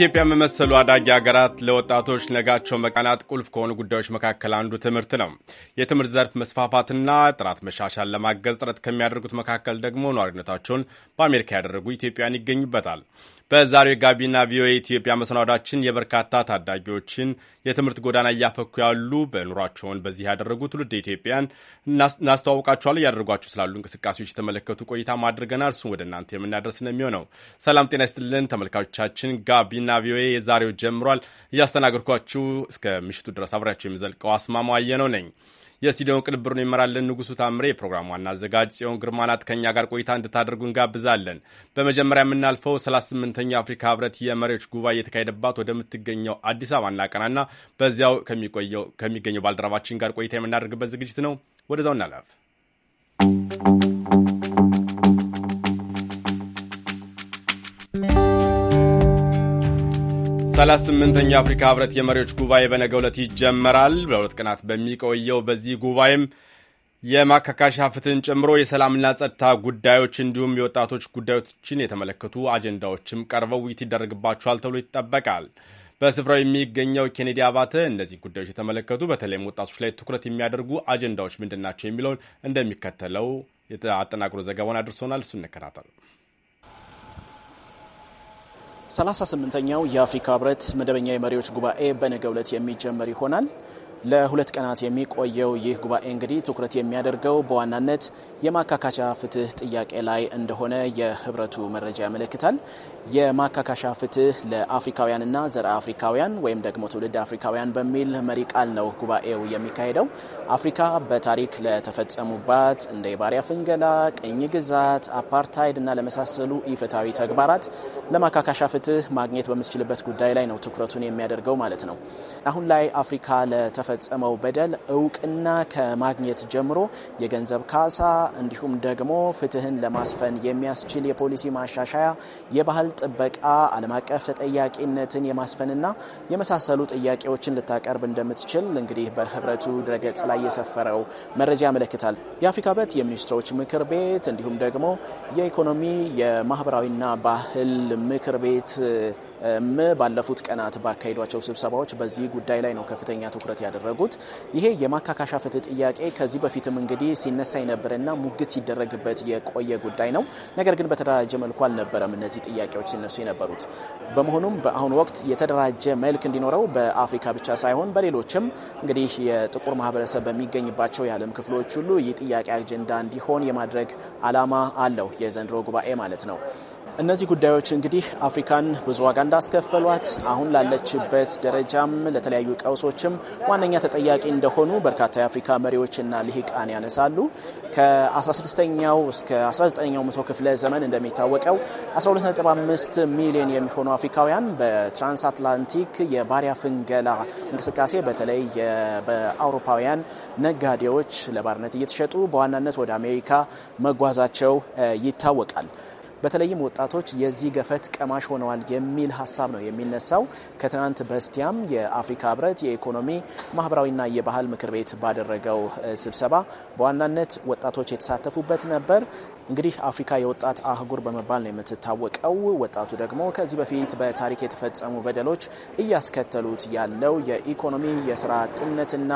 ኢትዮጵያ መመሰሉ አዳጊ ሀገራት ለወጣቶች ነጋቸው መቃናት ቁልፍ ከሆኑ ጉዳዮች መካከል አንዱ ትምህርት ነው። የትምህርት ዘርፍ መስፋፋትና ጥራት መሻሻል ለማገዝ ጥረት ከሚያደርጉት መካከል ደግሞ ነዋሪነታቸውን በአሜሪካ ያደረጉ ኢትዮጵያን ይገኙበታል። በዛሬው የጋቢና ቪኦኤ ኢትዮጵያ መሰናዷችን የበርካታ ታዳጊዎችን የትምህርት ጎዳና እያፈኩ ያሉ በኑሯቸውን በዚህ ያደረጉ ትውልድ ኢትዮጵያን እናስተዋውቃችኋል። እያደረጓችሁ ስላሉ እንቅስቃሴዎች የተመለከቱ ቆይታ ማድርገናል። እሱም ወደ እናንተ የምናደርስ ነው የሚሆነው። ሰላም ጤና ይስጥልን ተመልካቾቻችን፣ ጋቢና ቪኦኤ የዛሬው ጀምሯል። እያስተናገድኳችሁ እስከ ምሽቱ ድረስ አብሬያቸው የሚዘልቀው አስማማው አየነው ነኝ። የስቱዲዮ ቅንብሩን ይመራልን ንጉሱ ታምሬ፣ የፕሮግራሙ ዋና አዘጋጅ ጽዮን ግርማ ናት። ከእኛ ጋር ቆይታ እንድታደርጉ እንጋብዛለን። በመጀመሪያ የምናልፈው 38ኛው የአፍሪካ ህብረት የመሪዎች ጉባኤ የተካሄደባት ወደምትገኘው አዲስ አበባ እናቀናና በዚያው ከሚገኘው ባልደረባችን ጋር ቆይታ የምናደርግበት ዝግጅት ነው። ወደዛው እናለፍ። 38ኛ የአፍሪካ ህብረት የመሪዎች ጉባኤ በነገ ዕለት ይጀመራል። በሁለት ቀናት በሚቆየው በዚህ ጉባኤም የማካካሻ ፍትህን ጨምሮ የሰላምና ጸጥታ ጉዳዮች እንዲሁም የወጣቶች ጉዳዮችን የተመለከቱ አጀንዳዎችም ቀርበው ውይይት ይደረግባቸዋል ተብሎ ይጠበቃል። በስፍራው የሚገኘው ኬኔዲ አባተ እነዚህ ጉዳዮች የተመለከቱ በተለይም ወጣቶች ላይ ትኩረት የሚያደርጉ አጀንዳዎች ምንድን ናቸው የሚለውን እንደሚከተለው አጠናቅሮ ዘገባውን አድርሶናል። እሱ እንከታተል። ሰላሳ ስምንተኛው የአፍሪካ ህብረት መደበኛ የመሪዎች ጉባኤ በነገው ዕለት የሚጀመር ይሆናል። ለሁለት ቀናት የሚቆየው ይህ ጉባኤ እንግዲህ ትኩረት የሚያደርገው በዋናነት የማካካሻ ፍትህ ጥያቄ ላይ እንደሆነ የህብረቱ መረጃ ያመለክታል። የማካካሻ ፍትህ ለአፍሪካውያንና ዘረ አፍሪካውያን ወይም ደግሞ ትውልድ አፍሪካውያን በሚል መሪ ቃል ነው ጉባኤው የሚካሄደው። አፍሪካ በታሪክ ለተፈጸሙባት እንደ የባሪያ ፍንገላ፣ ቅኝ ግዛት፣ አፓርታይድ እና ለመሳሰሉ ኢፍትሐዊ ተግባራት ለማካካሻ ፍትህ ማግኘት በምትችልበት ጉዳይ ላይ ነው ትኩረቱን የሚያደርገው ማለት ነው። አሁን ላይ አፍሪካ ለተፈጸመው በደል እውቅና ከማግኘት ጀምሮ የገንዘብ ካሳ እንዲሁም ደግሞ ፍትህን ለማስፈን የሚያስችል የፖሊሲ ማሻሻያ፣ የባህል ጥበቃ፣ ዓለም አቀፍ ተጠያቂነትን የማስፈንና የመሳሰሉ ጥያቄዎችን ልታቀርብ እንደምትችል እንግዲህ በህብረቱ ድረገጽ ላይ የሰፈረው መረጃ ያመለክታል። የአፍሪካ ህብረት የሚኒስትሮች ምክር ቤት እንዲሁም ደግሞ የኢኮኖሚ የማህበራዊና ባህል ምክር ቤት ም ባለፉት ቀናት ባካሄዷቸው ስብሰባዎች በዚህ ጉዳይ ላይ ነው ከፍተኛ ትኩረት ያደረጉት። ይሄ የማካካሻ ፍትህ ጥያቄ ከዚህ በፊትም እንግዲህ ሲነሳ የነበረና ሙግት ሲደረግበት የቆየ ጉዳይ ነው። ነገር ግን በተደራጀ መልኩ አልነበረም እነዚህ ጥያቄዎች ሲነሱ የነበሩት። በመሆኑም በአሁኑ ወቅት የተደራጀ መልክ እንዲኖረው በአፍሪካ ብቻ ሳይሆን በሌሎችም እንግዲህ የጥቁር ማህበረሰብ በሚገኝባቸው የዓለም ክፍሎች ሁሉ ይህ ጥያቄ አጀንዳ እንዲሆን የማድረግ ዓላማ አለው የዘንድሮ ጉባኤ ማለት ነው። እነዚህ ጉዳዮች እንግዲህ አፍሪካን ብዙ ዋጋ እንዳስከፈሏት አሁን ላለችበት ደረጃም ለተለያዩ ቀውሶችም ዋነኛ ተጠያቂ እንደሆኑ በርካታ የአፍሪካ መሪዎችና ልሂቃን ያነሳሉ። ከ16ኛው እስከ 19ኛው መቶ ክፍለ ዘመን እንደሚታወቀው 125 ሚሊዮን የሚሆኑ አፍሪካውያን በትራንስአትላንቲክ የባሪያ ፍንገላ እንቅስቃሴ በተለይ በአውሮፓውያን ነጋዴዎች ለባርነት እየተሸጡ በዋናነት ወደ አሜሪካ መጓዛቸው ይታወቃል። በተለይም ወጣቶች የዚህ ገፈት ቀማሽ ሆነዋል የሚል ሀሳብ ነው የሚነሳው። ከትናንት በስቲያም የአፍሪካ ህብረት የኢኮኖሚ ማህበራዊና የባህል ምክር ቤት ባደረገው ስብሰባ በዋናነት ወጣቶች የተሳተፉበት ነበር። እንግዲህ አፍሪካ የወጣት አህጉር በመባል ነው የምትታወቀው። ወጣቱ ደግሞ ከዚህ በፊት በታሪክ የተፈጸሙ በደሎች እያስከተሉት ያለው የኢኮኖሚ የስራ አጥነትና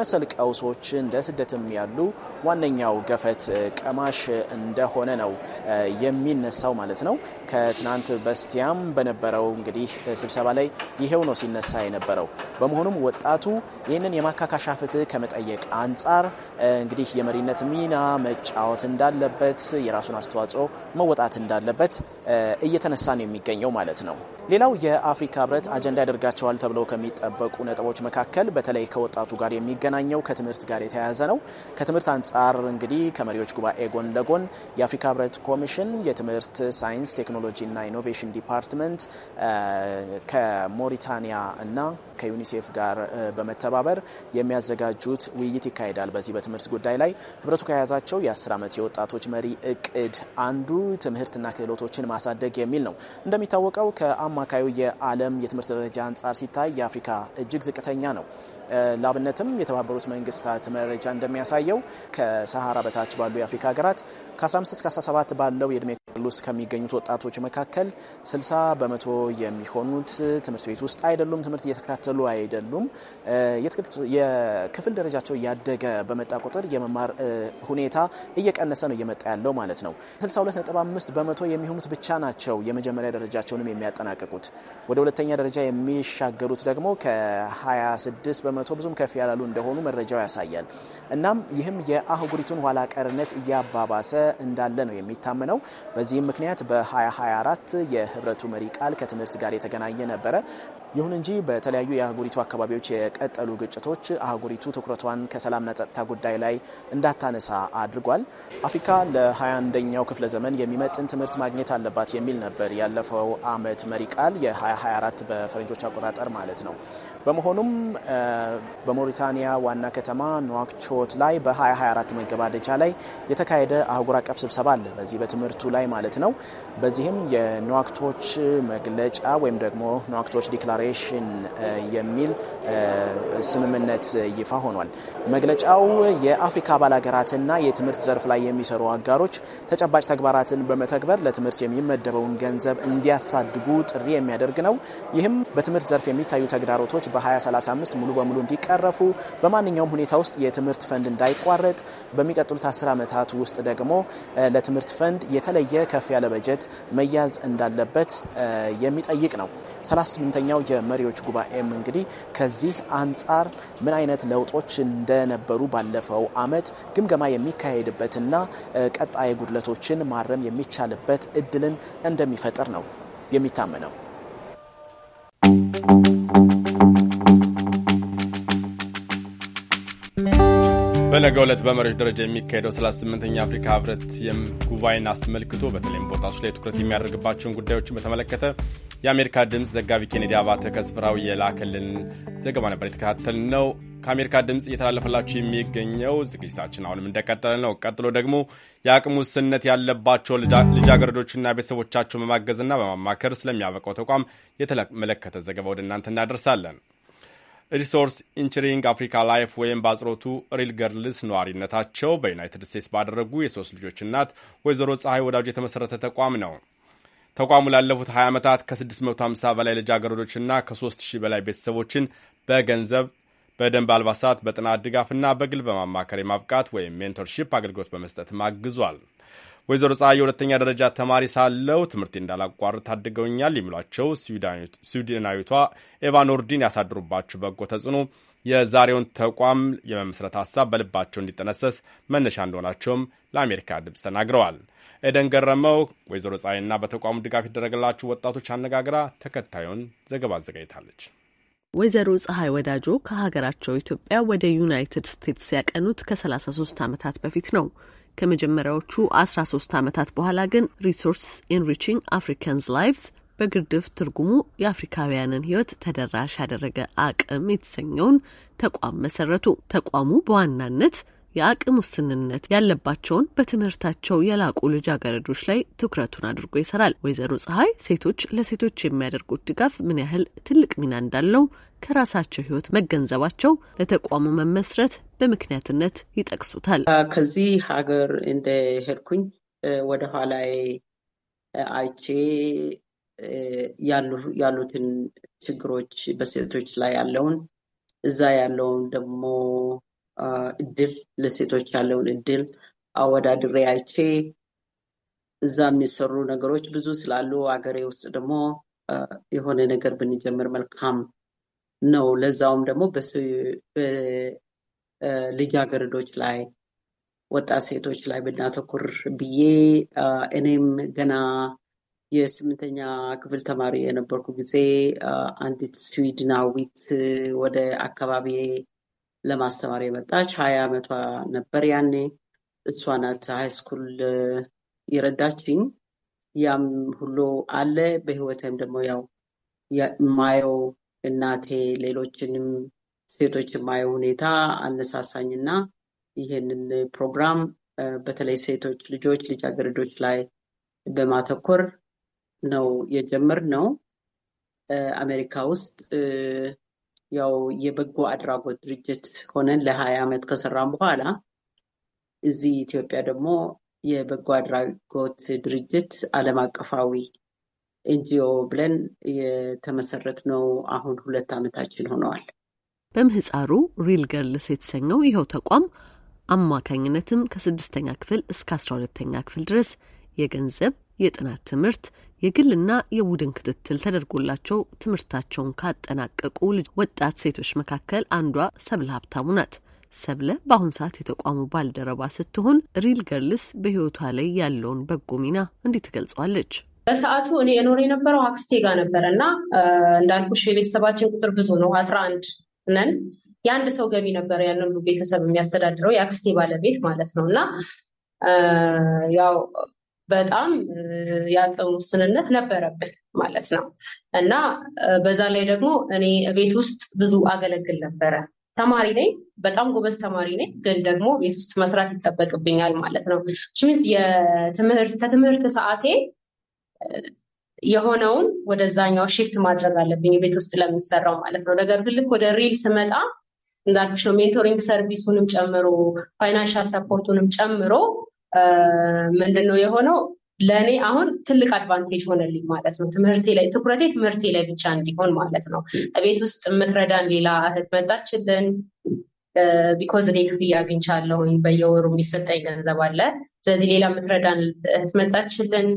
መሰል ቀውሶች እንደ ስደትም ያሉ ዋነኛው ገፈት ቀማሽ እንደሆነ ነው የሚነሳው ማለት ነው። ከትናንት በስቲያም በነበረው እንግዲህ ስብሰባ ላይ ይሄው ነው ሲነሳ የነበረው። በመሆኑም ወጣቱ ይህንን የማካካሻ ፍትህ ከመጠየቅ አንጻር እንግዲህ የመሪነት ሚና መጫወት እንዳለበት የራሱን አስተዋጽኦ መወጣት እንዳለበት እየተነሳ ነው የሚገኘው ማለት ነው። ሌላው የአፍሪካ ህብረት አጀንዳ ያደርጋቸዋል ተብለው ከሚጠበቁ ነጥቦች መካከል በተለይ ከወጣቱ ጋር የሚገናኘው ከትምህርት ጋር የተያያዘ ነው። ከትምህርት አንጻር እንግዲህ ከመሪዎች ጉባኤ ጎን ለጎን የአፍሪካ ህብረት ኮሚሽን የትምህርት ሳይንስ፣ ቴክኖሎጂና ኢኖቬሽን ዲፓርትመንት ከሞሪታኒያ እና ከዩኒሴፍ ጋር በመተባበር የሚያዘጋጁት ውይይት ይካሄዳል። በዚህ በትምህርት ጉዳይ ላይ ህብረቱ ከያዛቸው የአስር ዓመት የወጣቶች መሪ እቅድ አንዱ ትምህርትና ክህሎቶችን ማሳደግ የሚል ነው። እንደሚታወቀው ከአማካዩ የዓለም የትምህርት ደረጃ አንጻር ሲታይ የአፍሪካ እጅግ ዝቅተኛ ነው። ላብነትም የተባበሩት መንግስታት መረጃ እንደሚያሳየው ከሰሃራ በታች ባሉ የአፍሪካ ሀገራት ከ15 እስከ 17 ባለው የእድሜ ውስጥ ከሚገኙት ወጣቶች መካከል 60 በመቶ የሚሆኑት ትምህርት ቤት ውስጥ አይደሉም፣ ትምህርት እየተከታተሉ አይደሉም። የክፍል ደረጃቸው እያደገ በመጣ ቁጥር የመማር ሁኔታ እየቀነሰ ነው እየመጣ ያለው ማለት ነው። 62.5 በመቶ የሚሆኑት ብቻ ናቸው የመጀመሪያ ደረጃቸውንም የሚያጠናቅቁት። ወደ ሁለተኛ ደረጃ የሚሻገሩት ደግሞ ከ26 በመቶ ብዙም ከፍ ያላሉ እንደሆኑ መረጃው ያሳያል። እናም ይህም የአህጉሪቱን ኋላ ቀርነት እያባባሰ እንዳለ ነው የሚታመነው። በዚህም ምክንያት በ2024 የህብረቱ መሪ ቃል ከትምህርት ጋር የተገናኘ ነበረ። ይሁን እንጂ በተለያዩ የአህጉሪቱ አካባቢዎች የቀጠሉ ግጭቶች አህጉሪቱ ትኩረቷን ከሰላምና ጸጥታ ጉዳይ ላይ እንዳታነሳ አድርጓል። አፍሪካ ለ21ኛው ክፍለ ዘመን የሚመጥን ትምህርት ማግኘት አለባት የሚል ነበር ያለፈው አመት መሪ ቃል የ2024 በፈረንጆች አቆጣጠር ማለት ነው። በመሆኑም በሞሪታኒያ ዋና ከተማ ኑዋክቾት ላይ በ2024 መገባደጃ ላይ የተካሄደ አህጉር አቀፍ ስብሰባ አለ፣ በዚህ በትምህርቱ ላይ ማለት ነው። በዚህም የኑዋክቶች መግለጫ ወይም ደግሞ ኑዋክቶች ዲክላሬሽን የሚል ስምምነት ይፋ ሆኗል። መግለጫው የአፍሪካ አባል ሀገራትና የትምህርት ዘርፍ ላይ የሚሰሩ አጋሮች ተጨባጭ ተግባራትን በመተግበር ለትምህርት የሚመደበውን ገንዘብ እንዲያሳድጉ ጥሪ የሚያደርግ ነው። ይህም በትምህርት ዘርፍ የሚታዩ ተግዳሮቶች በ2035 ሙሉ በሙሉ እንዲቀረፉ፣ በማንኛውም ሁኔታ ውስጥ የትምህርት ፈንድ እንዳይቋረጥ፣ በሚቀጥሉት አስር ዓመታት ውስጥ ደግሞ ለትምህርት ፈንድ የተለየ ከፍ ያለ በጀት መያዝ እንዳለበት የሚጠይቅ ነው። 38ኛው የመሪዎች ጉባኤም እንግዲህ ከዚህ አንጻር ምን አይነት ለውጦች እንደነበሩ ባለፈው አመት ግምገማ የሚካሄድበትና ቀጣይ ጉድለቶችን ማረም የሚቻልበት እድልን እንደሚፈጥር ነው የሚታመነው። thank you በነገ ዕለት በመሪዎች ደረጃ የሚካሄደው 38ኛ አፍሪካ ህብረት ጉባኤን አስመልክቶ በተለይም ቦታዎች ላይ ትኩረት የሚያደርግባቸውን ጉዳዮችን በተመለከተ የአሜሪካ ድምፅ ዘጋቢ ኬኔዲ አባተ ከስፍራው የላከልን ዘገባ ነበር የተከታተል ነው። ከአሜሪካ ድምፅ እየተላለፈላችሁ የሚገኘው ዝግጅታችን አሁንም እንደቀጠለ ነው። ቀጥሎ ደግሞ የአቅም ውስንነት ያለባቸው ልጃገረዶችና ቤተሰቦቻቸውን በማገዝና በማማከር ስለሚያበቃው ተቋም የተመለከተ ዘገባ ወደ እናንተ እናደርሳለን። ሪሶርስ ኢንችሪንግ አፍሪካ ላይፍ ወይም በአጽሮቱ ሪል ገርልስ ነዋሪነታቸው በዩናይትድ ስቴትስ ባደረጉ የሶስት ልጆች እናት ወይዘሮ ፀሐይ ወዳጁ የተመሠረተ ተቋም ነው። ተቋሙ ላለፉት 20 ዓመታት ከ650 በላይ ልጃገረዶችና ከ3000 በላይ ቤተሰቦችን በገንዘብ በደንብ አልባሳት፣ በጥናት ድጋፍና በግል በማማከር የማብቃት ወይም ሜንቶርሺፕ አገልግሎት በመስጠት ማግዟል። ወይዘሮ ፀሐይ የሁለተኛ ደረጃ ተማሪ ሳለው ትምህርቴ እንዳላቋርጥ ታድገውኛል የሚሏቸው ስዊድናዊቷ ኤቫ ኖርዲን ያሳድሩባቸው በጎ ተጽዕኖ የዛሬውን ተቋም የመመስረት ሀሳብ በልባቸው እንዲጠነሰስ መነሻ እንደሆናቸውም ለአሜሪካ ድምፅ ተናግረዋል። ኤደን ገረመው ወይዘሮ ፀሐይና በተቋሙ ድጋፍ የደረገላቸው ወጣቶች አነጋግራ ተከታዩን ዘገባ አዘጋጅታለች። ወይዘሮ ፀሐይ ወዳጆ ከሀገራቸው ኢትዮጵያ ወደ ዩናይትድ ስቴትስ ያቀኑት ከ33 ዓመታት በፊት ነው። ከመጀመሪያዎቹ 13 ዓመታት በኋላ ግን ሪሶርስ ኢንሪችንግ አፍሪካንስ ላይቭስ በግርድፍ ትርጉሙ የአፍሪካውያንን ሕይወት ተደራሽ ያደረገ አቅም የተሰኘውን ተቋም መሰረቱ። ተቋሙ በዋናነት የአቅም ውስንነት ያለባቸውን በትምህርታቸው የላቁ ልጃገረዶች ላይ ትኩረቱን አድርጎ ይሰራል። ወይዘሮ ፀሐይ ሴቶች ለሴቶች የሚያደርጉት ድጋፍ ምን ያህል ትልቅ ሚና እንዳለው ከራሳቸው ህይወት መገንዘባቸው ለተቋሙ መመስረት በምክንያትነት ይጠቅሱታል። ከዚህ ሀገር እንደሄድኩኝ ወደኋላ አይቼ ያሉትን ችግሮች በሴቶች ላይ ያለውን እዛ ያለውን ደግሞ እድል ለሴቶች ያለውን እድል አወዳድሬ አይቼ እዛ የሚሰሩ ነገሮች ብዙ ስላሉ አገሬ ውስጥ ደግሞ የሆነ ነገር ብንጀምር መልካም ነው። ለዛውም ደግሞ በልጃገረዶች ላይ ወጣት ሴቶች ላይ ብናተኩር ብዬ እኔም ገና የስምንተኛ ክፍል ተማሪ የነበርኩ ጊዜ አንዲት ስዊድናዊት ወደ አካባቢ ለማስተማር የመጣች ሀያ ዓመቷ ነበር ያኔ። እሷ ናት ሃይስኩል የረዳችኝ። ያም ሁሉ አለ። በህይወትም ደግሞ ያው የማየው እናቴ ሌሎችንም ሴቶች የማየው ሁኔታ አነሳሳኝ እና ይህንን ፕሮግራም በተለይ ሴቶች ልጆች፣ ልጃገረዶች ላይ በማተኮር ነው ነው አሜሪካ ውስጥ ያው የበጎ አድራጎት ድርጅት ሆነን ለሀያ ዓመት ከሰራን በኋላ እዚህ ኢትዮጵያ ደግሞ የበጎ አድራጎት ድርጅት ዓለም አቀፋዊ ኤንጂኦ ብለን የተመሰረት ነው። አሁን ሁለት ዓመታችን ሆነዋል። በምህፃሩ ሪል ገርልስ የተሰኘው ይኸው ተቋም አማካኝነትም ከስድስተኛ ክፍል እስከ አስራ ሁለተኛ ክፍል ድረስ የገንዘብ የጥናት ትምህርት የግልና የቡድን ክትትል ተደርጎላቸው ትምህርታቸውን ካጠናቀቁ ወጣት ሴቶች መካከል አንዷ ሰብለ ሀብታሙ ናት። ሰብለ በአሁን ሰዓት የተቋሙ ባልደረባ ስትሆን ሪል ገርልስ በህይወቷ ላይ ያለውን በጎ ሚና እንዲህ ትገልጸዋለች። በሰዓቱ እኔ የኖር የነበረው አክስቴ ጋር ነበረ እና እንዳልኩሽ የቤተሰባችን ቁጥር ብዙ ነው፣ አስራ አንድ ነን። የአንድ ሰው ገቢ ነበረ ያንን ቤተሰብ የሚያስተዳድረው የአክስቴ ባለቤት ማለት ነው እና ያው በጣም የአቅም ውስንነት ነበረብን ማለት ነው እና በዛ ላይ ደግሞ እኔ ቤት ውስጥ ብዙ አገለግል ነበረ። ተማሪ ነኝ፣ በጣም ጎበዝ ተማሪ ነኝ፣ ግን ደግሞ ቤት ውስጥ መስራት ይጠበቅብኛል ማለት ነው። ከትምህርት ሰዓቴ የሆነውን ወደዛኛው ሽፍት ማድረግ አለብኝ ቤት ውስጥ ለሚሰራው ማለት ነው። ነገር ግን ልክ ወደ ሪል ስመጣ እንዳልኩሽ ነው ሜንቶሪንግ ሰርቪሱንም ጨምሮ ፋይናንሻል ሰፖርቱንም ጨምሮ ምንድን ነው የሆነው ለእኔ አሁን ትልቅ አድቫንቴጅ ሆነልኝ ማለት ነው። ትምህርቴ ላይ ትኩረቴ ትምህርቴ ላይ ብቻ እንዲሆን ማለት ነው። ቤት ውስጥ የምትረዳን ሌላ እህት መጣችልን። ቢኮዝ እኔ ክፍያ አግኝቻለሁኝ በየወሩ የሚሰጠኝ ገንዘብ አለ። ስለዚህ ሌላ የምትረዳን እህት መጣችልን።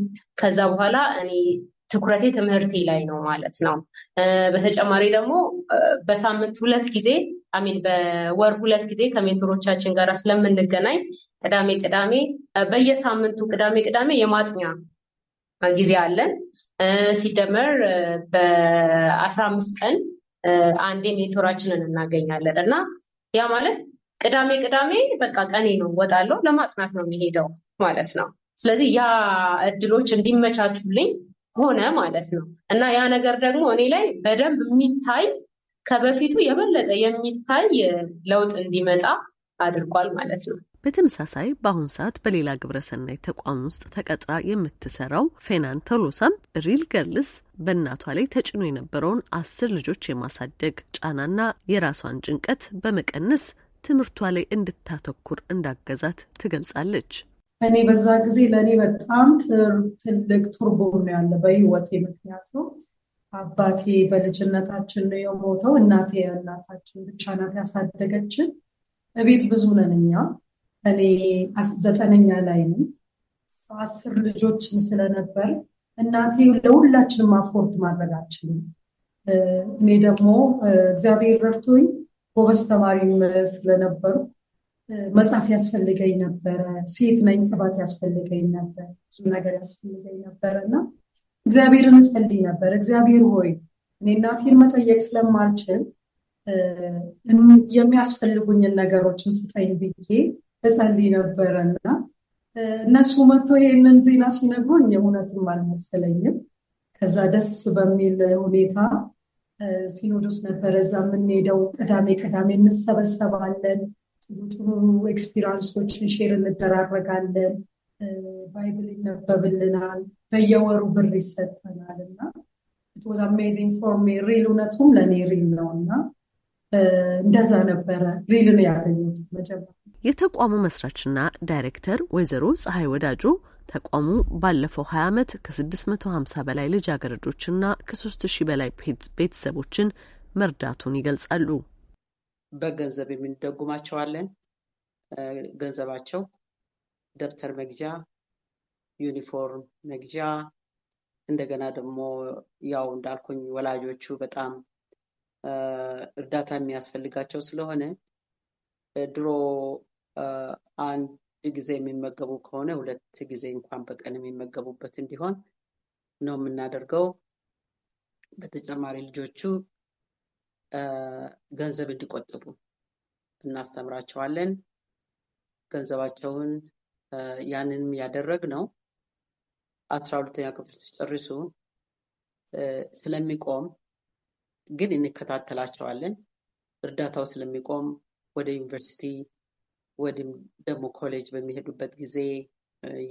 ከዛ በኋላ እኔ ትኩረቴ ትምህርቴ ላይ ነው ማለት ነው። በተጨማሪ ደግሞ በሳምንት ሁለት ጊዜ አሚን በወር ሁለት ጊዜ ከሜንቶሮቻችን ጋር ስለምንገናኝ ቅዳሜ ቅዳሜ በየሳምንቱ ቅዳሜ ቅዳሜ የማጥኛ ጊዜ አለን። ሲደመር በአስራ አምስት ቀን አንዴ ሜንቶራችንን እናገኛለን እና ያ ማለት ቅዳሜ ቅዳሜ በቃ ቀኔ ነው ወጣለው ለማጥናት ነው የሚሄደው ማለት ነው። ስለዚህ ያ እድሎች እንዲመቻቹልኝ ሆነ ማለት ነው እና ያ ነገር ደግሞ እኔ ላይ በደንብ የሚታይ ከበፊቱ የበለጠ የሚታይ ለውጥ እንዲመጣ አድርጓል ማለት ነው። በተመሳሳይ በአሁን ሰዓት በሌላ ግብረሰናይ ተቋም ውስጥ ተቀጥራ የምትሰራው ፌናን ተሎሳም ሪል ገርልስ በእናቷ ላይ ተጭኖ የነበረውን አስር ልጆች የማሳደግ ጫናና የራሷን ጭንቀት በመቀነስ ትምህርቷ ላይ እንድታተኩር እንዳገዛት ትገልጻለች። እኔ በዛ ጊዜ ለእኔ በጣም ትልቅ ቱርቦ ነው ያለ በህይወቴ ምክንያቱም አባቴ በልጅነታችን ነው የሞተው። እናቴ እናታችን ብቻ ናት ያሳደገችን። እቤት ብዙ ነን እኛ። እኔ ዘጠነኛ ላይ ነኝ። አስር ልጆችን ስለነበር እናቴ ለሁላችንም አፎርድ ማድረግ እኔ ደግሞ እግዚአብሔር ረድቶኝ ጎበዝ ተማሪም ስለነበሩ መጽሐፍ ያስፈልገኝ ነበረ። ሴት ነኝ፣ ቅባት ያስፈልገኝ ነበር፣ ብዙ ነገር ያስፈልገኝ ነበረ እና እግዚአብሔርን እጸልይ ነበር። እግዚአብሔር ሆይ እኔ እናቴን መጠየቅ ስለማልችል የሚያስፈልጉኝን ነገሮችን ስጠኝ ብዬ እጸልይ ነበረ እና እነሱ መጥቶ ይሄንን ዜና ሲነግሩኝ እውነትም አልመሰለኝም። ከዛ ደስ በሚል ሁኔታ ሲኖዶስ ነበረ እዛ የምንሄደው። ቅዳሜ ቅዳሜ እንሰበሰባለን። ጥሩ ጥሩ ኤክስፒሪንሶችን ሼር እንደራረጋለን። ባይብል ይነበብልናል፣ በየወሩ ብር ይሰጠናል እና ኢትወዝ አሜዚንግ ፎር ሚ ሪል እውነቱም ለእኔ ሪል ነው እና እንደዛ ነበረ ሪል ነው ያገኙት መጀመሪያ። የተቋሙ መስራችና ዳይሬክተር ወይዘሮ ፀሐይ ወዳጆ ተቋሙ ባለፈው 20 ዓመት ከ650 በላይ ልጃገረዶችና ከ3000 በላይ ቤተሰቦችን መርዳቱን ይገልጻሉ። በገንዘብ የምንደጉማቸዋለን። ገንዘባቸው ደብተር መግዣ፣ ዩኒፎርም መግዣ እንደገና ደግሞ ያው እንዳልኩኝ ወላጆቹ በጣም እርዳታ የሚያስፈልጋቸው ስለሆነ ድሮ አንድ ጊዜ የሚመገቡ ከሆነ ሁለት ጊዜ እንኳን በቀን የሚመገቡበት እንዲሆን ነው የምናደርገው። በተጨማሪ ልጆቹ ገንዘብ እንዲቆጥቡ እናስተምራቸዋለን። ገንዘባቸውን ያንንም ነው። አስራ ሁለተኛ ክፍል ሲጨርሱ ስለሚቆም ግን እንከታተላቸዋለን። እርዳታው ስለሚቆም ወደ ዩኒቨርሲቲ ወይም ደግሞ ኮሌጅ በሚሄዱበት ጊዜ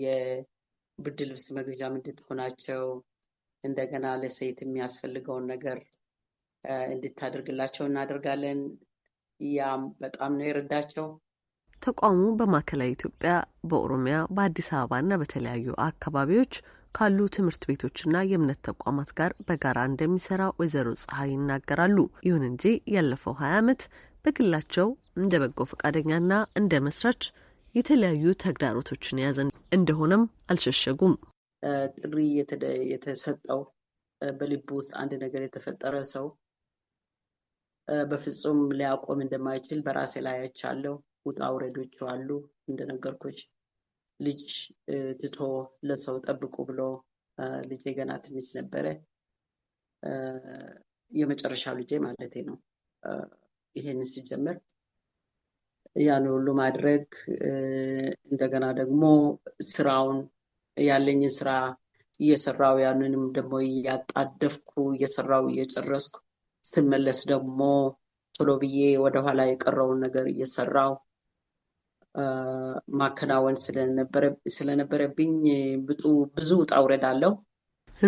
የብርድ ልብስ መግዣ እንድትሆናቸው እንደገና ለሴት የሚያስፈልገውን ነገር እንድታደርግላቸው እናደርጋለን። ያም በጣም ነው የረዳቸው። ተቋሙ በማዕከላዊ ኢትዮጵያ፣ በኦሮሚያ፣ በአዲስ አበባና በተለያዩ አካባቢዎች ካሉ ትምህርት ቤቶችና የእምነት ተቋማት ጋር በጋራ እንደሚሰራ ወይዘሮ ፀሐይ ይናገራሉ። ይሁን እንጂ ያለፈው ሀያ ዓመት በግላቸው እንደ በጎ ፈቃደኛና እንደ መስራች የተለያዩ ተግዳሮቶችን የያዘ እንደሆነም አልሸሸጉም። ጥሪ የተሰጠው በልቡ ውስጥ አንድ ነገር የተፈጠረ ሰው በፍጹም ሊያቆም እንደማይችል በራሴ ላይ አይቻለሁ። ውጣ ውረዶቹ አሉ። እንደነገርኩች ልጅ ትቶ ለሰው ጠብቁ ብሎ ልጄ ገና ትንሽ ነበረ፣ የመጨረሻው ልጄ ማለቴ ነው። ይሄን ሲጀምር ያን ሁሉ ማድረግ እንደገና ደግሞ ስራውን ያለኝን ስራ እየሰራው ያንንም ደግሞ እያጣደፍኩ እየሰራው እየጨረስኩ ስመለስ ደግሞ ቶሎ ብዬ ወደኋላ የቀረውን ነገር እየሰራው ማከናወን ስለነበረብኝ ብዙ ጣውረድ አለው።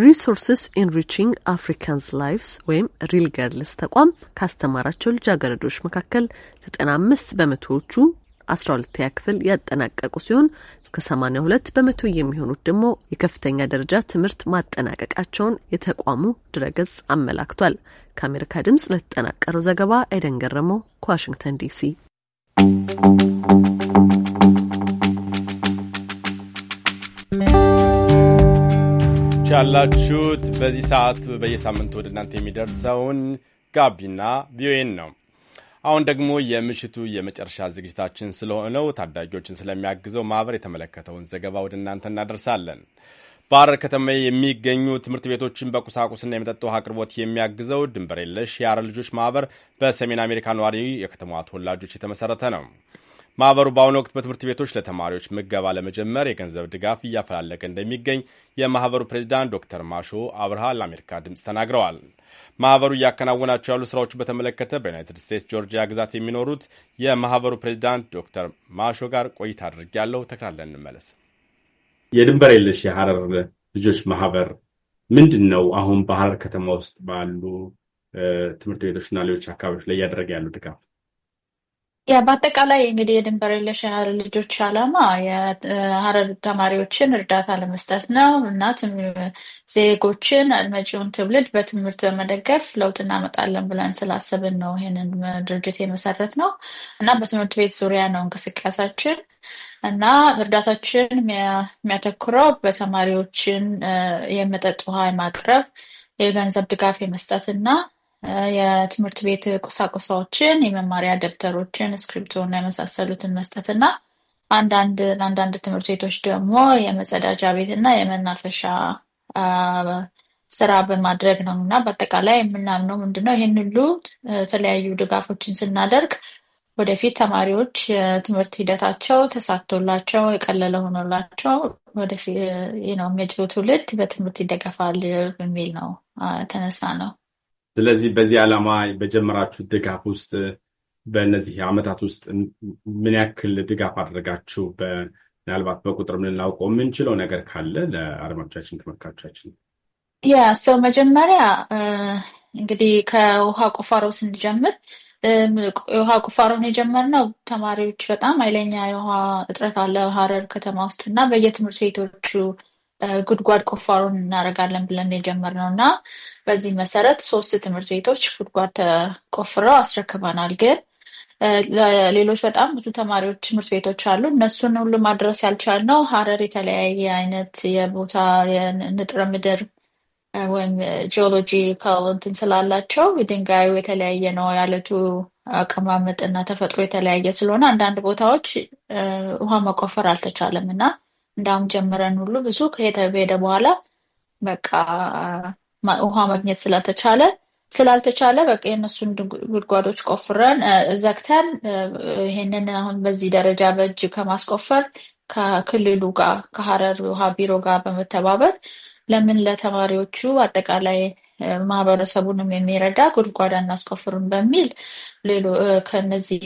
ሪሶርስስ ኢንሪችንግ አፍሪካንስ ላይቭስ ወይም ሪል ገርልስ ተቋም ካስተማራቸው ልጃገረዶች መካከል ዘጠና አምስት በመቶዎቹ አስራ ሁለተኛ ክፍል ያጠናቀቁ ሲሆን እስከ ሰማኒያ ሁለት በመቶ የሚሆኑት ደግሞ የከፍተኛ ደረጃ ትምህርት ማጠናቀቃቸውን የተቋሙ ድረገጽ አመላክቷል። ከአሜሪካ ድምጽ ለተጠናቀረው ዘገባ አይደን ገረመው ከዋሽንግተን ዲሲ ያላችሁት በዚህ ሰዓት በየሳምንቱ ወደ እናንተ የሚደርሰውን ጋቢና ቪኦኤን ነው። አሁን ደግሞ የምሽቱ የመጨረሻ ዝግጅታችን ስለሆነው ታዳጊዎችን ስለሚያግዘው ማህበር የተመለከተውን ዘገባ ወደ እናንተ እናደርሳለን። በሐረር ከተማ የሚገኙ ትምህርት ቤቶችን በቁሳቁስና የመጠጥ ውሃ አቅርቦት የሚያግዘው ድንበር የለሽ የሐረር ልጆች ማህበር በሰሜን አሜሪካ ነዋሪ የከተማዋ ተወላጆች የተመሠረተ ነው። ማህበሩ በአሁኑ ወቅት በትምህርት ቤቶች ለተማሪዎች ምገባ ለመጀመር የገንዘብ ድጋፍ እያፈላለገ እንደሚገኝ የማህበሩ ፕሬዚዳንት ዶክተር ማሾ አብርሃ ለአሜሪካ ድምፅ ተናግረዋል። ማህበሩ እያከናወናቸው ያሉ ስራዎች በተመለከተ በዩናይትድ ስቴትስ ጆርጂያ ግዛት የሚኖሩት የማህበሩ ፕሬዚዳንት ዶክተር ማሾ ጋር ቆይታ ያለው ተክላለን እንመለስ። የድንበር የለሽ የሀረር ልጆች ማህበር ምንድን ነው አሁን በሀረር ከተማ ውስጥ ባሉ ትምህርት ቤቶችና ሌሎች አካባቢዎች ላይ እያደረገ ያለው ድጋፍ? ያ በአጠቃላይ እንግዲህ የድንበር የለሽ የሀረር ልጆች አላማ የሀረር ተማሪዎችን እርዳታ ለመስጠት ነው እና ዜጎችን መጪውን ትውልድ በትምህርት በመደገፍ ለውጥ እናመጣለን ብለን ስላሰብን ነው ይህንን ድርጅት የመሰረት ነው እና በትምህርት ቤት ዙሪያ ነው እንቅስቃሴያችን እና እርዳታችን የሚያተኩረው በተማሪዎችን የመጠጥ ውሃ የማቅረብ የገንዘብ ድጋፍ የመስጠት እና የትምህርት ቤት ቁሳቁሳዎችን፣ የመማሪያ ደብተሮችን፣ እስክሪብቶ የመሳሰሉትን መስጠት እና አንዳንድ ለአንዳንድ ትምህርት ቤቶች ደግሞ የመጸዳጃ ቤት እና የመናፈሻ ስራ በማድረግ ነው እና በአጠቃላይ የምናምነው ምንድነው ይህን ሁሉ የተለያዩ ድጋፎችን ስናደርግ ወደፊት ተማሪዎች የትምህርት ሂደታቸው ተሳክቶላቸው የቀለለ ሆኖላቸው ወደፊት የሚያጭሩ ትውልድ በትምህርት ይደገፋል በሚል ነው ተነሳ ነው። ስለዚህ በዚህ ዓላማ በጀመራችሁ ድጋፍ ውስጥ በእነዚህ ዓመታት ውስጥ ምን ያክል ድጋፍ አድርጋችሁ ምናልባት በቁጥር ልናውቀው የምንችለው ነገር ካለ ለአድማጮቻችን፣ ተመልካቾቻችን። ያ ሰው መጀመሪያ እንግዲህ ከውሃ ቁፋሮ ስንጀምር የውሃ ቁፋሮን የጀመርነው ተማሪዎች በጣም ኃይለኛ የውሃ እጥረት አለ ሀረር ከተማ ውስጥ እና በየትምህርት ቤቶቹ ጉድጓድ ቁፋሮን እናደርጋለን ብለን የጀመርነው እና በዚህ መሰረት ሶስት ትምህርት ቤቶች ጉድጓድ ተቆፍረው አስረክበናል። ግን ሌሎች በጣም ብዙ ተማሪዎች ትምህርት ቤቶች አሉ። እነሱን ሁሉ ማድረስ ያልቻልነው ሀረር የተለያየ አይነት የቦታ የንጥረ ምድር ወይም ጂኦሎጂ እንትን ስላላቸው ድንጋዩ የተለያየ ነው። የአለቱ አቀማመጥ እና ተፈጥሮ የተለያየ ስለሆነ አንዳንድ ቦታዎች ውሃ መቆፈር አልተቻለም እና እንዳሁም ጀምረን ሁሉ ብዙ ከሄደ በኋላ በቃ ውሃ ማግኘት ስላልተቻለ ስላልተቻለ በቃ የእነሱን ጉድጓዶች ቆፍረን ዘግተን ይሄንን አሁን በዚህ ደረጃ በእጅ ከማስቆፈር ከክልሉ ጋር ከሀረር ውሃ ቢሮ ጋር በመተባበር ለምን ለተማሪዎቹ አጠቃላይ ማህበረሰቡንም የሚረዳ ጉድጓድ አናስቆፍርም በሚል ሌሎ ከነዚህ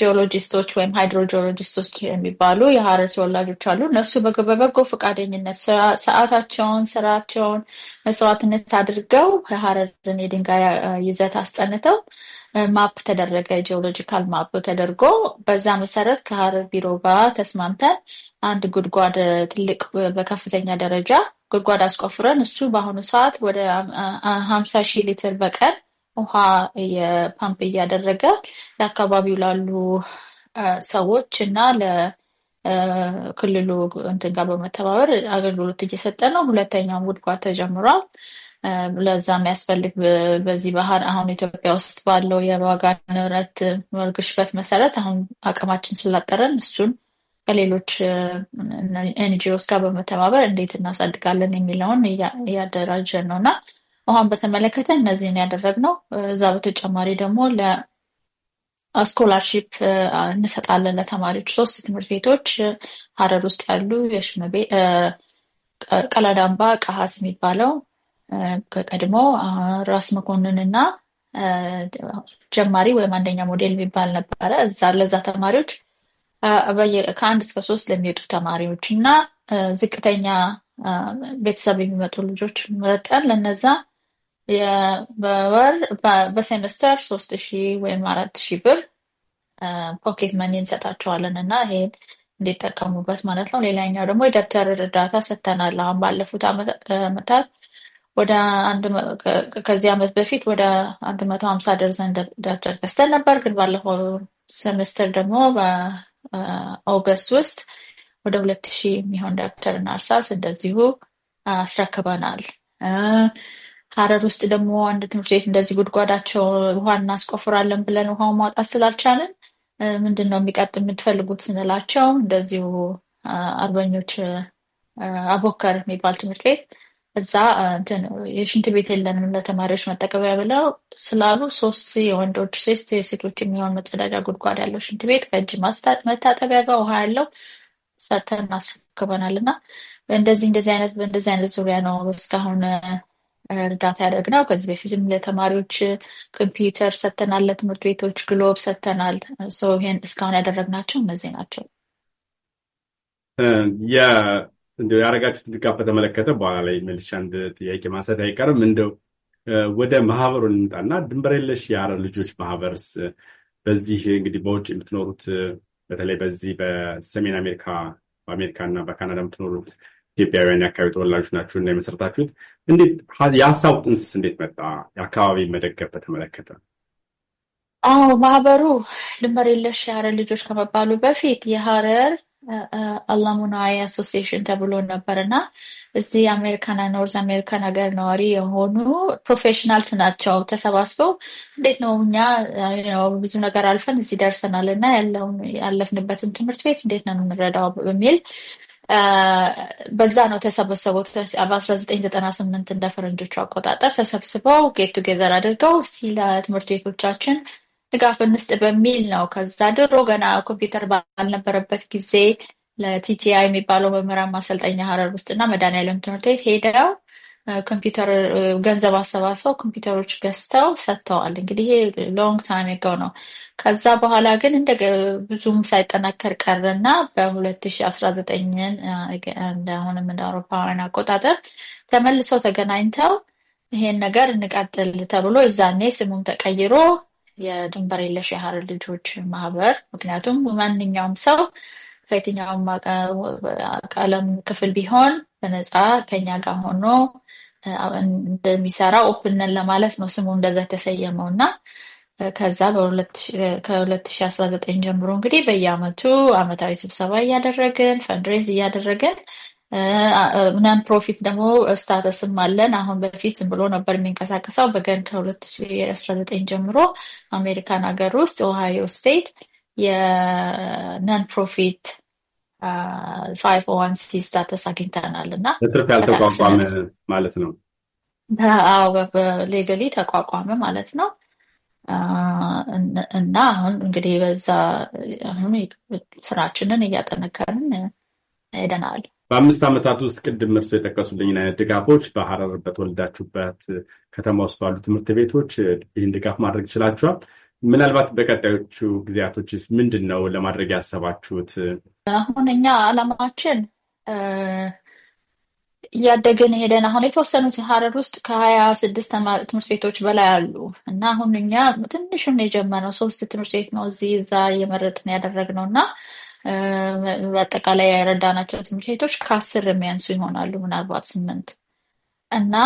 ጂኦሎጂስቶች ወይም ሃይድሮጂኦሎጂስቶች የሚባሉ የሀረር ተወላጆች አሉ። እነሱ በበጎ ፈቃደኝነት ሰዓታቸውን፣ ስራቸውን መስዋዕትነት አድርገው የሀረርን የድንጋይ ይዘት አስጠንተው ማፕ ተደረገ። ጂኦሎጂካል ማፕ ተደርጎ በዛ መሰረት ከሀረር ቢሮ ጋር ተስማምተን አንድ ጉድጓድ ትልቅ በከፍተኛ ደረጃ ጉድጓድ አስቆፍረን እሱ በአሁኑ ሰዓት ወደ ሀምሳ ሺህ ሊትር በቀን ውሃ የፓምፕ እያደረገ ለአካባቢው ላሉ ሰዎች እና ለክልሉ እንትን ጋር በመተባበር አገልግሎት እየሰጠ ነው። ሁለተኛውም ጉድጓድ ተጀምሯል። ለዛ የሚያስፈልግ በዚህ ባህር አሁን ኢትዮጵያ ውስጥ ባለው የዋጋ ንብረት ግሽበት መሰረት አሁን አቅማችን ስላጠረን እሱን ከሌሎች ኤንጂኦስ ጋር በመተባበር እንዴት እናሳድጋለን የሚለውን እያደራጀን ነው እና ውሃን በተመለከተ እነዚህን ያደረግነው። እዛ በተጨማሪ ደግሞ ለስኮላርሺፕ እንሰጣለን ለተማሪዎች። ሶስት ትምህርት ቤቶች ሀረር ውስጥ ያሉ የሽመቤ፣ ቀላዳምባ፣ ቀሀስ የሚባለው ከቀድሞ ራስ መኮንን እና ጀማሪ ወይም አንደኛ ሞዴል የሚባል ነበረ። እዛ ለዛ ተማሪዎች ከአንድ እስከ ሶስት ለሚሄዱ ተማሪዎች እና ዝቅተኛ ቤተሰብ የሚመጡ ልጆች መረጠን ለነዛ በወር በሴሜስተር ሶስት ሺ ወይም አራት ሺህ ብር ፖኬት መኒ እንሰጣቸዋለን እና ይሄን እንዲጠቀሙበት ማለት ነው። ሌላኛው ደግሞ የደብተር እርዳታ ሰጥተናል። አሁን ባለፉት ዓመታት ወደ ከዚህ ዓመት በፊት ወደ አንድ መቶ ሀምሳ ደርዘን ደብተር ገዝተን ነበር። ግን ባለፈው ሴሜስተር ደግሞ ኦገስት ውስጥ ወደ ሁለት ሺህ የሚሆን ዶክተር እርሳስ እንደዚሁ አስረክበናል። ሀረር ውስጥ ደግሞ አንድ ትምህርት ቤት እንደዚህ ጉድጓዳቸው ውሃ እናስቆፍራለን ብለን ውሃው ማውጣት ስላልቻለን ምንድን ነው የሚቀጥ የምትፈልጉት ስንላቸው እንደዚሁ አርበኞች አቦከር የሚባል ትምህርት ቤት እዛ እንትን የሽንት ቤት የለንም ለተማሪዎች መጠቀቢያ ብለው ስላሉ ሶስት የወንዶች ሶስት የሴቶች የሚሆን መጸዳጃ ጉድጓድ ያለው ሽንት ቤት ከእጅ መታጠቢያ ጋር ውሃ ያለው ሰርተን አስረክበናል እና እንደዚህ እንደዚህ አይነት በእንደዚህ አይነት ዙሪያ ነው እስካሁን እርዳታ ያደርግነው። ከዚህ በፊትም ለተማሪዎች ኮምፒውተር ሰተናል ለትምህርት ቤቶች ግሎብ ሰጥተናል። ይሄን እስካሁን ያደረግናቸው እነዚህ ናቸው። እንዲ ያደረጋችሁት ድጋፍ በተመለከተ በኋላ ላይ መልሼ አንድ ጥያቄ ማንሳት አይቀርም። እንደው ወደ ማህበሩ እንምጣና ድንበር የለሽ የሀረር ልጆች ማህበርስ በዚህ እንግዲህ በውጭ የምትኖሩት በተለይ በዚህ በሰሜን አሜሪካ በአሜሪካ እና በካናዳ የምትኖሩት ኢትዮጵያውያን የአካባቢ ተወላጆች ናችሁ እና የመሰረታችሁት እንዴት የሀሳቡ ጥንስስ እንዴት መጣ? የአካባቢ መደገፍ በተመለከተ አዎ ማህበሩ ድንበር የለሽ የሀረር ልጆች ከመባሉ በፊት የሀረር አላሙናይ አሶሲሽን ተብሎ ነበር እና እዚህ አሜሪካና ኖርዝ አሜሪካን ሀገር ነዋሪ የሆኑ ፕሮፌሽናልስ ናቸው ተሰባስበው እንዴት ነው እኛ ብዙ ነገር አልፈን እዚህ ደርሰናል እና ያለፍንበትን ትምህርት ቤት እንዴት ነው የምንረዳው በሚል በዛ ነው ተሰበሰቡት። በ1998 እንደ ፈረንጆቹ አቆጣጠር ተሰብስበው ጌት ቱጌዘር አድርገው ሲ ለትምህርት ቤቶቻችን ድጋፍ እንስጥ በሚል ነው። ከዛ ድሮ ገና ኮምፒውተር ባልነበረበት ጊዜ ለቲቲአይ የሚባለው መምህራን ማሰልጠኛ ሀረር ውስጥና መድኃኒዓለም ትምህርት ቤት ሄደው ኮምፒውተር ገንዘብ አሰባስበው ኮምፒውተሮች ገዝተው ሰጥተዋል። እንግዲህ ይሄ ሎንግ ታይም የጋው ነው። ከዛ በኋላ ግን እንደ ብዙም ሳይጠናከር ቀረና በ2019 እንደአሁንም እንደ አውሮፓውያን አቆጣጠር ተመልሰው ተገናኝተው ይሄን ነገር እንቀጥል ተብሎ እዛኔ ስሙም ተቀይሮ የድንበር የለሽ የሀረር ልጆች ማህበር። ምክንያቱም ማንኛውም ሰው ከየትኛውም ቀለም ክፍል ቢሆን በነፃ ከኛ ጋር ሆኖ እንደሚሰራ ኦፕንን ለማለት ነው ስሙ እንደዛ የተሰየመው እና ከዛ ከ2019 ጀምሮ እንግዲህ በየአመቱ አመታዊ ስብሰባ እያደረግን ፈንድሬዝ እያደረግን ነን ፕሮፊት ደግሞ ስታተስም አለን። አሁን በፊት ዝም ብሎ ነበር የሚንቀሳቀሰው በገን ከ2019 ጀምሮ አሜሪካን ሀገር ውስጥ ኦሃዮ ስቴት የነን ፕሮፊት ፋይቭ ዋን ሲ ስታተስ አግኝተናል እና በትርፍ ያልተቋቋመ ማለት ነው። ሌገሊ ተቋቋመ ማለት ነው። እና አሁን እንግዲህ በዛ አሁን ስራችንን እያጠነከርን ሄደናል። በአምስት ዓመታት ውስጥ ቅድም እርሶ የጠቀሱልኝን አይነት ድጋፎች በሐረር በተወልዳችሁበት ከተማ ውስጥ ባሉ ትምህርት ቤቶች ይህን ድጋፍ ማድረግ ይችላችኋል። ምናልባት በቀጣዮቹ ጊዜያቶች ምንድን ነው ለማድረግ ያሰባችሁት? አሁን እኛ አላማችን እያደግን ሄደን አሁን የተወሰኑት ሐረር ውስጥ ከሀያ ስድስት ትምህርት ቤቶች በላይ አሉ እና አሁን እኛ ትንሹን የጀመረው ሶስት ትምህርት ቤት ነው እዚህ እዛ እየመረጥን ያደረግነው እና በአጠቃላይ ያረዳናቸው ትምህርት ቤቶች ከአስር የሚያንሱ ይሆናሉ፣ ምናልባት ስምንት እና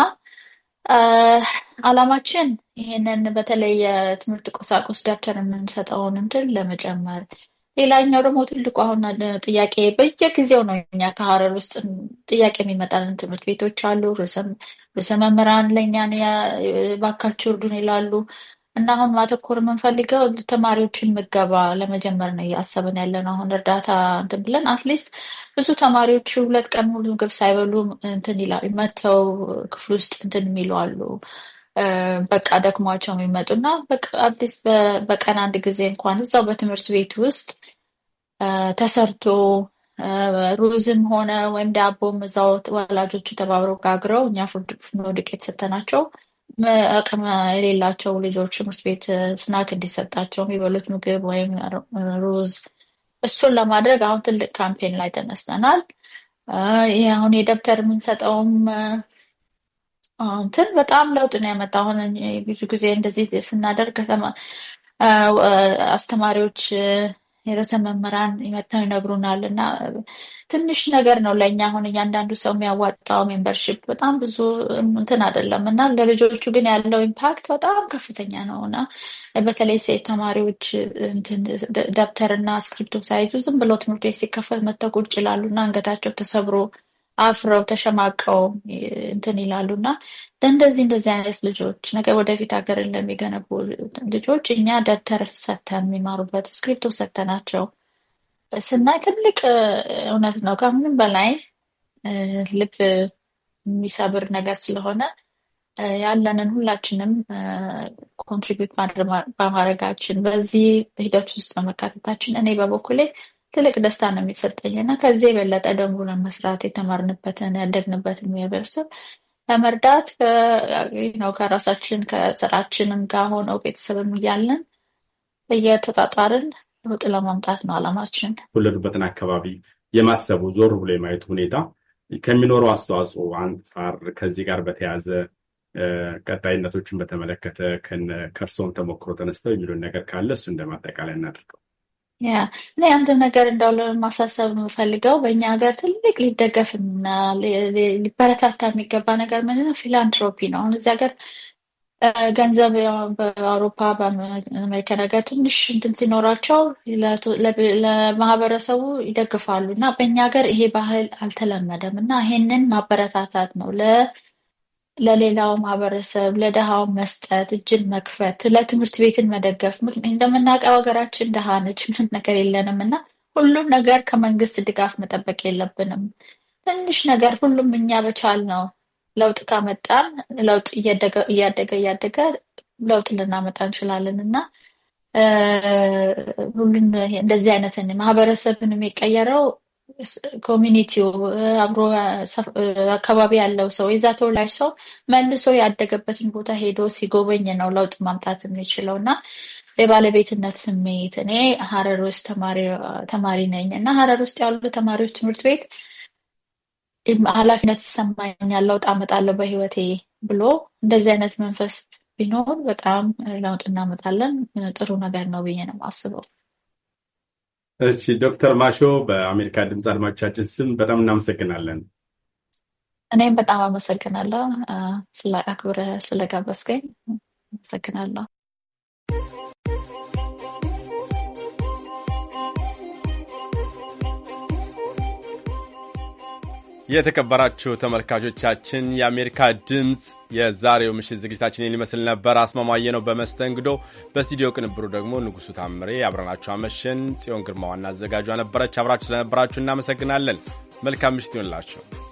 አላማችን ይህንን በተለይ የትምህርት ቁሳቁስ ደብተር የምንሰጠውን እንትን ለመጨመር ሌላኛው ደግሞ ትልቁ አሁን ጥያቄ በየጊዜው ነው። እኛ ከሀረር ውስጥ ጥያቄ የሚመጣልን ትምህርት ቤቶች አሉ። ርዕሰ መምህራን ለእኛን ባካችሁ እርዱን ይላሉ። እና አሁን ማተኮር የምንፈልገው ተማሪዎችን ምገባ ለመጀመር ነው እያሰብን ያለን። አሁን እርዳታ እንትን ብለን አትሊስት ብዙ ተማሪዎች ሁለት ቀን ሙሉ ምግብ ሳይበሉ እንትን ይላሉ። መተው ክፍል ውስጥ እንትን የሚሉ አሉ። በቃ ደክሟቸው የሚመጡ እና አትሊስት በቀን አንድ ጊዜ እንኳን እዛው በትምህርት ቤት ውስጥ ተሰርቶ ሩዝም ሆነ ወይም ዳቦም እዛው ወላጆቹ ተባብረው ጋግረው እኛ ፍርድ ዱቄት ሰተናቸው አቅም የሌላቸው ልጆች ትምህርት ቤት ስናክ እንዲሰጣቸው የሚበሉት ምግብ ወይም ሩዝ፣ እሱን ለማድረግ አሁን ትልቅ ካምፔን ላይ ተነስተናል። ይህ አሁን የደብተር የምንሰጠውም እንትን በጣም ለውጥ ነው ያመጣ። አሁን ብዙ ጊዜ እንደዚህ ስናደርግ አስተማሪዎች ርዕሰ መምህራን መጥተው ይነግሩናል እና ትንሽ ነገር ነው ለእኛ አሁን እያንዳንዱ ሰው የሚያዋጣው ሜምበርሽፕ በጣም ብዙ እንትን አይደለም እና ለልጆቹ ግን ያለው ኢምፓክት በጣም ከፍተኛ ነው እና በተለይ ሴት ተማሪዎች ደብተርና ስክሪፕቶ ሳይዙ ዝም ብሎ ትምህርት ቤት ሲከፈት መተው ቁጭ ይላሉ እና አንገታቸው ተሰብሮ አፍረው ተሸማቀው እንትን ይላሉ እና እንደዚህ እንደዚህ አይነት ልጆች ነገ ወደፊት ሀገርን ለሚገነቡ ልጆች እኛ ደብተር ሰተን የሚማሩበት ስክሪፕቶ ሰተናቸው ስናይ ትልቅ እውነት ነው። ከምንም በላይ ልብ የሚሰብር ነገር ስለሆነ ያለንን ሁላችንም ኮንትሪቢዩት በማድረጋችን በዚህ ሂደት ውስጥ በመካተታችን እኔ በበኩሌ ትልቅ ደስታ ነው የሚሰጠኝ እና ከዚህ የበለጠ ደንቡን መስራት የተማርንበትን ያደግንበትን ማህበረሰብ ለመርዳት ከራሳችን ከስራችንም ጋር ሆነው ቤተሰብም እያለን እየተጣጣርን ለውጥ ለማምጣት ነው አላማችን። የተወለዱበትን አካባቢ የማሰቡ ዞር ብሎ የማየቱ ሁኔታ ከሚኖረው አስተዋጽኦ አንጻር ከዚህ ጋር በተያያዘ ቀጣይነቶችን በተመለከተ ከእርስዎን ተሞክሮ ተነስተው የሚሉን ነገር ካለ እሱ እንደማጠቃላይ እናደርገው። ያ እኔ አንድ ነገር እንዳው ለማሳሰብ ነው የምፈልገው። በእኛ ሀገር ትልቅ ሊደገፍና ሊበረታታ የሚገባ ነገር ምንድነው? ፊላንትሮፒ ነው። አሁን እዚህ ሀገር ገንዘብ በአውሮፓ በአሜሪካን ሀገር ትንሽ እንትን ሲኖራቸው ለማህበረሰቡ ይደግፋሉ እና በእኛ ሀገር ይሄ ባህል አልተለመደም እና ይሄንን ማበረታታት ነው ለሌላው ማህበረሰብ ለድሃው መስጠት፣ እጅን መክፈት፣ ለትምህርት ቤትን መደገፍ። እንደምናውቀው ሀገራችን ድሃ ነች፣ ምንም ነገር የለንም እና ሁሉም ነገር ከመንግስት ድጋፍ መጠበቅ የለብንም። ትንሽ ነገር ሁሉም እኛ በቻል ነው ለውጥ ካመጣን ለውጥ እያደገ እያደገ ለውጥ ልናመጣ እንችላለን እና ሁሉን እንደዚህ አይነትን ማህበረሰብን የቀየረው ኮሚኒቲው አብሮ አካባቢ ያለው ሰው የዛ ተወላጅ ሰው መልሶ ያደገበትን ቦታ ሄዶ ሲጎበኝ ነው ለውጥ ማምጣት የሚችለው እና የባለቤትነት ስሜት እኔ ሀረር ውስጥ ተማሪ ነኝ እና ሀረር ውስጥ ያሉ ተማሪዎች ትምህርት ቤት ኃላፊነት ይሰማኛል ለውጥ አመጣለሁ በህይወቴ ብሎ እንደዚህ አይነት መንፈስ ቢኖር በጣም ለውጥ እናመጣለን። ጥሩ ነገር ነው ብዬ ነው የማስበው። እሺ ዶክተር ማሾ በአሜሪካ ድምፅ አድማጮቻችን ስም በጣም እናመሰግናለን። እኔም በጣም አመሰግናለሁ ስለ ስለጋበስገኝ ስለጋበዝከኝ አመሰግናለሁ። የተከበራችሁ ተመልካቾቻችን የአሜሪካ ድምፅ የዛሬው ምሽት ዝግጅታችን ሊመስል ነበር። አስማማየ ነው በመስተንግዶ፣ በስቱዲዮ ቅንብሩ ደግሞ ንጉሱ ታምሬ። አብረናችሁ አመሽን። ጽዮን ግርማ ዋና አዘጋጇ ነበረች። አብራችሁ ስለነበራችሁ እናመሰግናለን። መልካም ምሽት ይሆንላችሁ።